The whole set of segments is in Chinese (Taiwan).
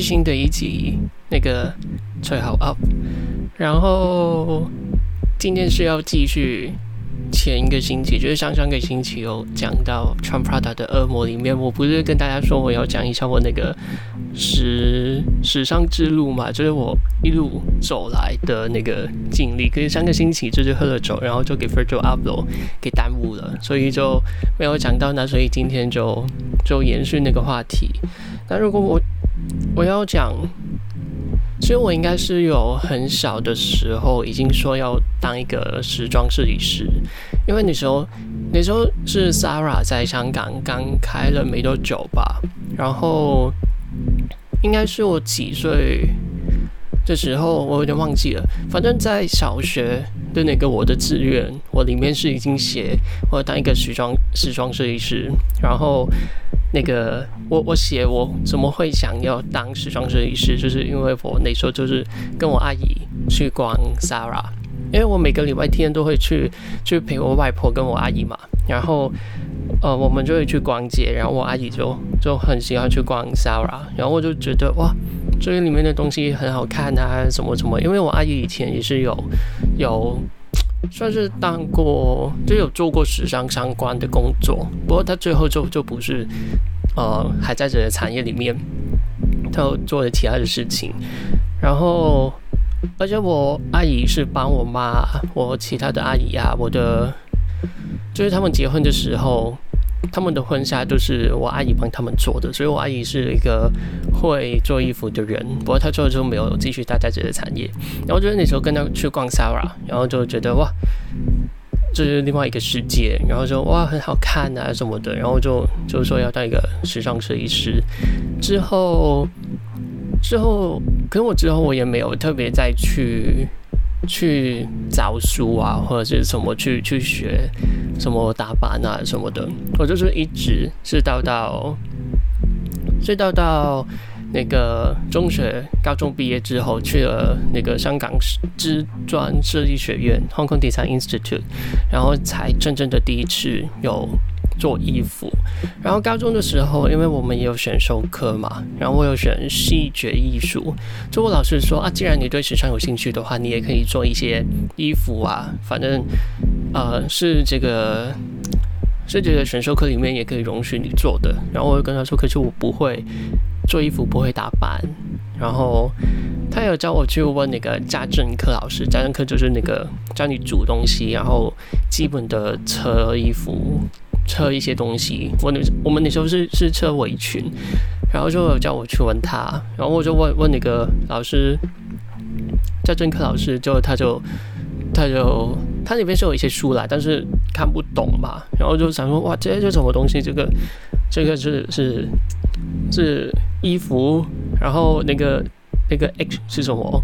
新的一集那個隨口 up，然後今天是要繼續前一個星期，就是上上個星期有講到穿 Prada 的惡魔裡面，我不是跟大家說我要講一下我那個時時尚之路嘛，就是我一路走來的那個經歷。可是上個星期就是喝了酒，然後就給 Virgil Abloh 給耽誤了，所以就沒有講到那，所以今天就就延續那個話題。那如果我我要講，其實我應該是有很小的時候已經說要當一個時裝設計師，因為那時候那時候是 Zara 在香港剛開了沒多久吧，然後應該是我幾歲的時候，我有點忘記了，反正在小學的那個我的志願，我裡面是已經寫我要當一個時裝時裝設計師，然後。那個，我我寫我怎麼會想要當時裝設計師，就是因為我那時候就是跟我阿姨去逛 ZARA，因為我每個禮拜天都會去去陪我外婆跟我阿姨嘛，然後呃我們就會去逛街，然後我阿姨就就很喜歡去逛 ZARA，然後我就覺得哇這裡面的東西很好看啊什麼什麼，因為我阿姨以前也是有有。算是當過，就有做過時尚相關的工作，不過他最後就就不是，呃，還在這個產業裡面，他有做了其他的事情，然後，而且我阿姨是幫我媽，我其他的阿姨啊，我的，就是他們結婚的時候。他們的婚紗都是我阿姨幫他們做的，所以我阿姨是一個會做衣服的人。不過她之後就沒有繼續待在這個產業。然後就是那時候跟她去逛 Zara，然後就覺得哇，這是另外一個世界。然後就哇，很好看啊什麼的。然後就就說要當一個時尚設計師。之後之後，跟我之後我也沒有特別再去。去找書啊，或者是什麼去去學什麼打扮啊什麼的，我就是一直是到到，是到到那個中學高中畢業之後，去了那個香港知專設計學院 （Hong Kong Design Institute），然後才真正的第一次有。做衣服，然後高中的時候，因為我們也有選修課嘛，然後我有選視覺藝術。就我老師說啊，既然你對時尚有興趣的話，你也可以做一些衣服啊，反正呃是這個是這個選修課裡面也可以容許你做的。然後我就跟他說，可是我不會做衣服，不會打扮。然後他有叫我去問那個家政課老師，家政課就是那個教你煮東西，然後基本的車衣服。車一些東西，我那我們那時候是是車圍裙，然後就有叫我去問他，然後我就問問那個老師，叫政科老師就，就他就他就他那邊是有一些書啦，但是看不懂嘛，然後就想說哇，這是什麼東西？這個這個是是是衣服，然後那個那個 H 是什麼？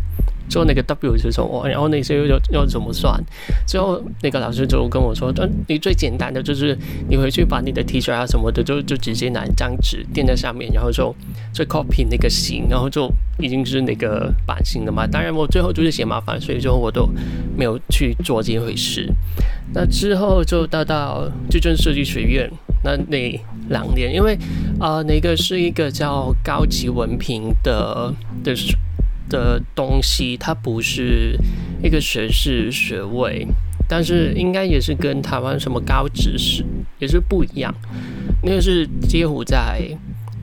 做那個 W 就說，哦，然後那些又要又要怎麼算？最後那個老師就跟我說：“嗯，你最簡單的就是你回去把你的 T 恤啊什麼的就，就就直接拿一張紙墊在上面，然後就就 copy 那個型，然後就已經是那個版型了嘛。”當然，我最後就是嫌麻煩，所以說我都沒有去做這一回事。那之後就到到矩陣設計學院那那兩年，因為啊，呃，那個是一個叫高級文憑的的的東西，它不是一個學士學位，但是應該也是跟台灣什麼高職是也是不一樣，那個是介乎在，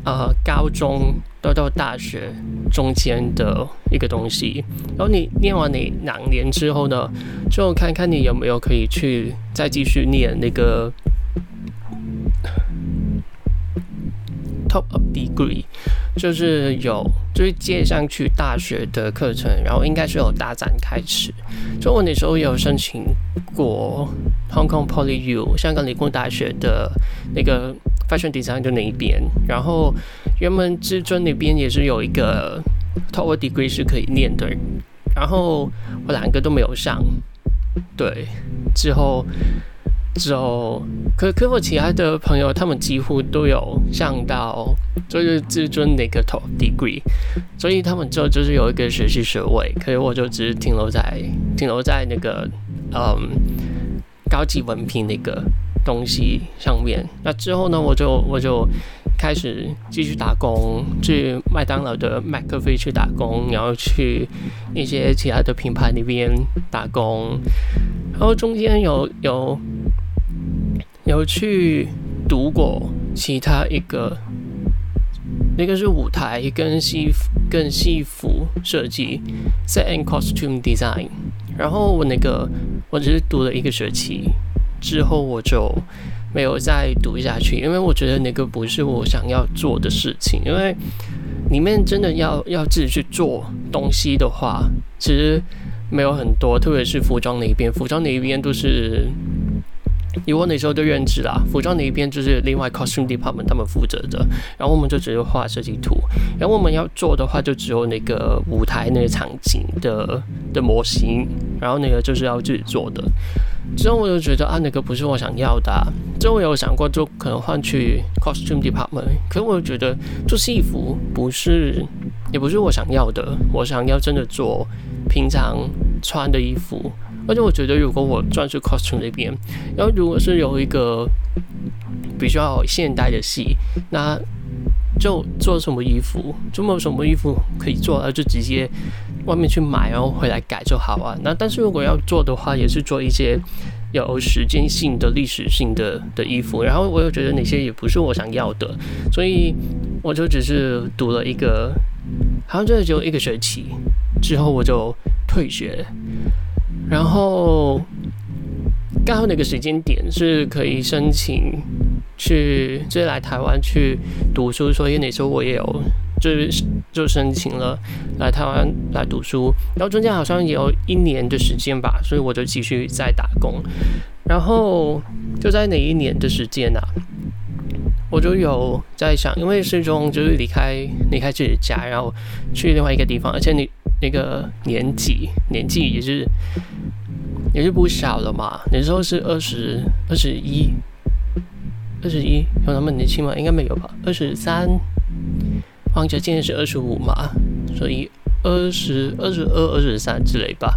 啊、呃、高中到到大學中間的一個東西，然後你念完你兩年之後呢，就看看你有沒有可以去再繼續念那個。Top of degree 就是有，就是接上去大學的課程，然後應該是有大展開始。就我那時候也有申請過 Hong Kong Poly U，香港理工大學的那個 Fashion Design 就那一邊，然後原本至尊那邊也是有一個 Top of degree 是可以念的，然後我兩個都沒有上。對，之後。之後，可可我其他的朋友，他們幾乎都有上到就是至尊那個 top degree，所以他們就就是有一個學習學位。所以我就只是停留在停留在那個嗯高級文憑那個東西上面。那之後呢，我就我就開始繼續打工，去麥當勞的 McCafé 去打工，然後去一些其他的品牌那邊打工，然後中間有有。有有去讀過其他一個，那個是舞台跟戲服跟戲服設計 （set and costume design）。然後我那個我只是讀了一個學期之後，我就沒有再讀下去，因為我覺得那個不是我想要做的事情。因為裡面真的要要自己去做東西的話，其實沒有很多，特別是服裝那邊，服裝那邊都是。有我那時候就認識啦，服裝那一邊就是另外 costume department 他們負責的，然後我們就直接畫設計圖，然後我們要做的話就只有那個舞台那個場景的的模型，然後那個就是要自己做的。之後我就覺得啊，那個不是我想要的啊。之後我有想過就可能換去 costume department，可是我就覺得做戲服不是也不是我想要的，我想要真的做平常穿的衣服。而且我覺得，如果我轉去 costume 那邊，然後如果是有一個比較現代的戲，那就做什麼衣服，就沒有什麼衣服可以做啊，就直接外面去買，然後回來改就好啊。那但是如果要做的話，也是做一些有時間性的、歷史性的的衣服。然後我又覺得那些也不是我想要的，所以我就只是讀了一個，好像真的就只有一個學期之後我就退學。然後剛好那個時間點是可以申請去，就是來台灣去讀書，所以那時候我也有就是就申請了來台灣來讀書。然後中間好像也有一年的時間吧，所以我就繼續在打工。然後就在那一年的時間呢、啊？我就有在想，因為始終就是離開離開自己家，然後去另外一個地方，而且你。那個年紀，年紀也是，也是不小了嘛。那時候是二十二十一，二十一有那麼年輕嗎？應該沒有吧。二十三，黃哲今年是二十五嘛，所以二十、二十二、二十三之類吧。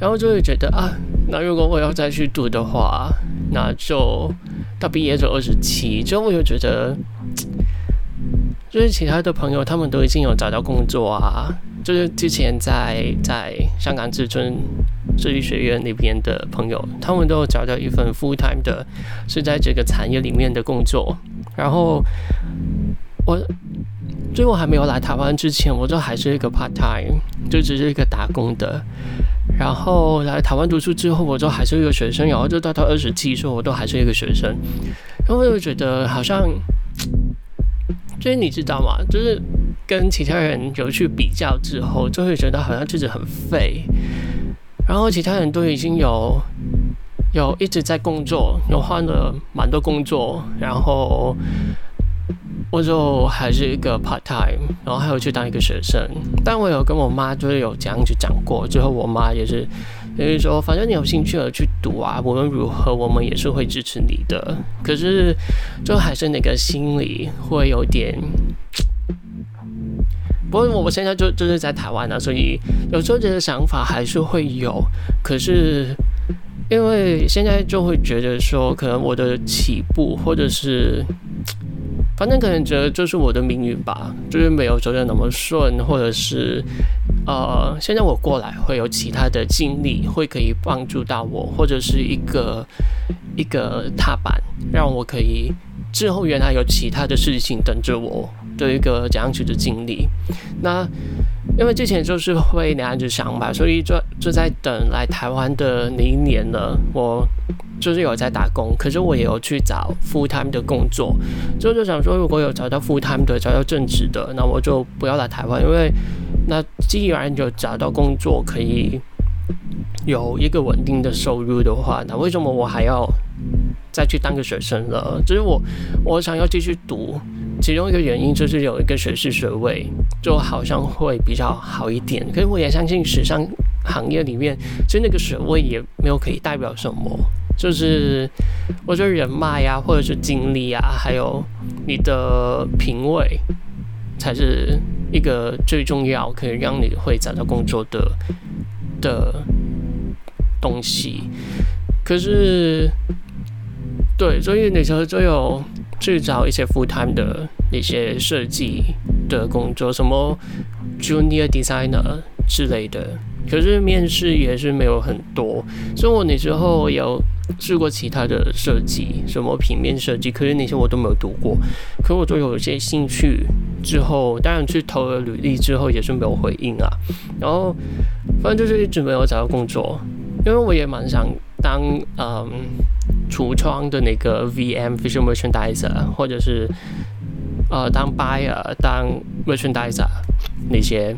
然後就會覺得啊，那如果我要再去讀的話，那就到畢業就二十七。之後我就覺得，就是其他的朋友，他們都已經有找到工作啊。就是之前在在香港至尊設計學院那邊的朋友，他們都找到一份 full time 的，是在這個產業裡面的工作。然後我最後還沒有來台灣之前，我就還是一個 part time，就只是一個打工的。然後來台灣讀書之後，我就還是一個學生。然後就到到二十七歲，我都還是一個學生。然後我就覺得好像就是你知道嗎？就是。跟其他人有去比較之後，就會覺得好像自己很廢，然後其他人都已經有有一直在工作，有換了蠻多工作，然後我就還是一個 part time，然後還有去當一個學生。但我有跟我媽就是有這樣去講過之後，我媽也是也就是說，反正你有興趣的去讀啊，無論如何我們也是會支持你的。可是就還是那個心裡會有點。不過，我現在就就是在台灣了啊，所以有時候覺得想法還是會有。可是，因為現在就會覺得說，可能我的起步，或者是，反正可能覺得就是我的命運吧，就是沒有走得那麼順，或者是，呃，現在我過來會有其他的經歷，會可以幫助到我，或者是一個一個踏板，讓我可以。之後，原來有其他的事情等着我的一個這樣子的經歷。那因為之前就是會那樣子想吧，所以就就在等來台灣的那一年呢。我就是有在打工，可是我也有去找 full time 的工作，就就想說如果有找到 full time 的，找到正職的，那我就不要來台灣，因為那既然有找到工作可以有一個穩定的收入的話，那為什麼我還要？再去當個學生了，只是我，我想要繼續讀，其中一個原因就是有一個學士學位，就好像會比較好一點。可是我也相信，時尚行業裡面，其實那個學位也沒有可以代表什麼。就是，我覺得人脈呀、啊，或者是經歷啊，還有你的品味，才是一個最重要可以讓你會找到工作的的東西。可是。對，所以那時候就有去找一些 full time 的那些設計的工作，什麼 junior designer 之類的。可是面試也是沒有很多。所以我那時候也有試過其他的設計，什麼平面設計，可是那些我都沒有讀過。可是我就有一些興趣之後，當然去投了履歷之後也是沒有回應啊。然後反正就是一直沒有找到工作，因為我也蠻想。當嗯，櫥窗的那個 VM Visual Merchandiser，或者是呃當 buyer、當 merchandiser 那些，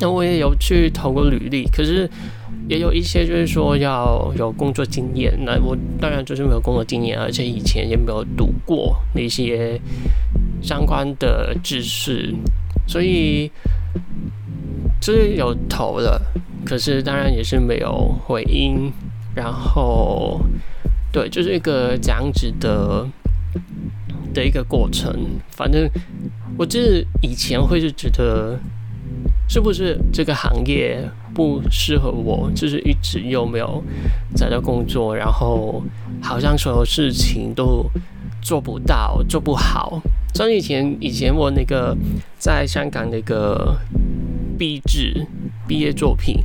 那我也有去投過履歷，可是也有一些就是說要有工作經驗。那我當然就是沒有工作經驗，而且以前也沒有讀過那些相關的知識，所以就是有投了，可是當然也是沒有回音。然後，對，就是一個這樣子的的一個過程。反正我就是以前會是覺得，是不是這個行業不適合我？就是一直又沒有找到工作，然後好像所有事情都做不到、做不好。像以前，以前我那個在香港那個畢業畢業作品，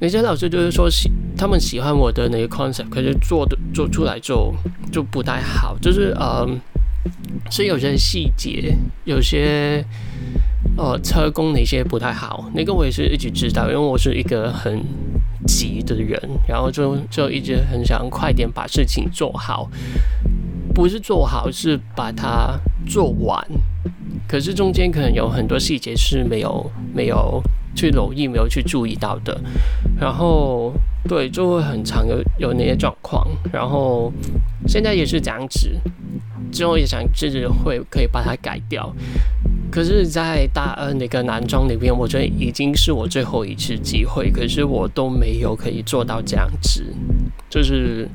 人家老師就是說他們喜歡我的那個 concept，可是做的做出來就就不太好，就是呃，是有些細節，有些呃車工那些不太好。那個我也是一直知道，因為我是一個很急的人，然後就就一直很想快點把事情做好，不是做好，是把它做完。可是中間可能有很多細節是沒有沒有去留意、沒有去注意到的，然後。對，就會很常，有有那些狀況，然後現在也是這樣子。之後也想試着會可以把它改掉，可是，在大二那個男裝裡面，我覺得已經是我最後一次機會，可是我都沒有可以做到這樣子。就是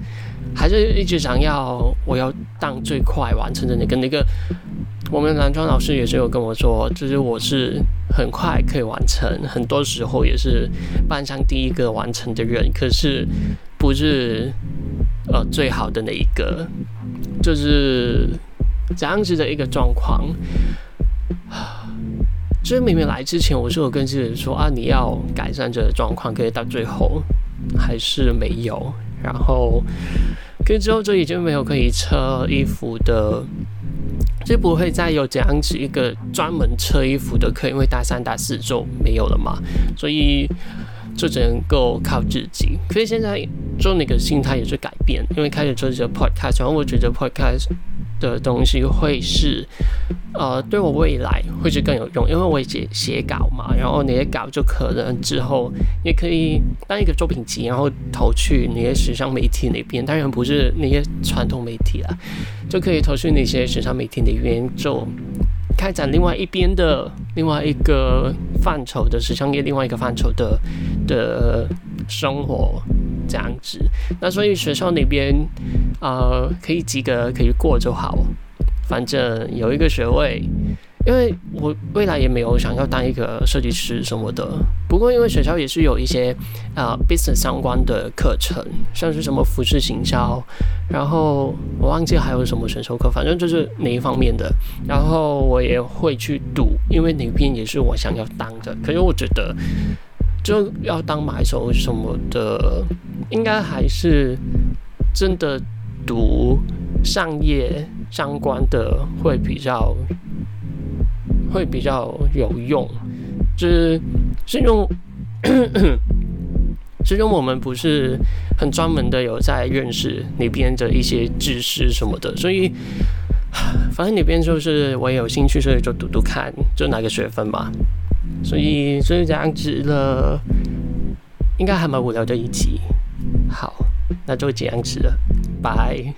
還是一直想要我要當最快完成的那個那個，我們男裝老師也是有跟我說，就是我是。很快可以完成，很多時候也是班上第一個完成的人，可是不是呃最好的那一個，就是這樣子的一個狀況。就是明明來之前，我是有跟自己說啊，你要改善這個狀況，可是到最後還是沒有。然後，可是之後就已經沒有可以車衣服的。就不會再有這樣子一個專門車衣服的課，因為大三大四就沒有了嘛，所以就只能夠靠自己。所以現在做那個心態也是改變，因為開始做這個 podcast，然後我覺得 podcast。的東西會是，呃，對我未來會是更有用，因為我寫寫稿嘛，然後那些稿就可能之後也可以當一個作品集，然後投去那些時尚媒體那邊。當然不是那些傳統媒體了，就可以投去那些時尚媒體那邊做，開展另外一邊的，另外一個範疇的時尚業，另外一個範疇的的生活。這樣子，那所以學校那邊，啊、呃，可以及格，可以過就好，反正有一個學位。因為我未來也沒有想要當一個設計師什麼的，不過因為學校也是有一些啊、呃，business 相關的課程，像是什麼服飾行銷，然後我忘記還有什麼選修課，反正就是哪一方面的。然後我也會去讀，因為那邊也是我想要當的。可是我覺得。就要當買手什麼的，應該還是真的讀商業相關的會比較、會比較有用。就是，是因為，是因為我們不是很專門的有在認識那邊的一些知識什麼的，所以反正那邊就是我也有興趣，所以就讀讀看，就拿個學分吧。所以，所以這樣子了，應該還蠻無聊的一集。好，那就這樣子了，拜。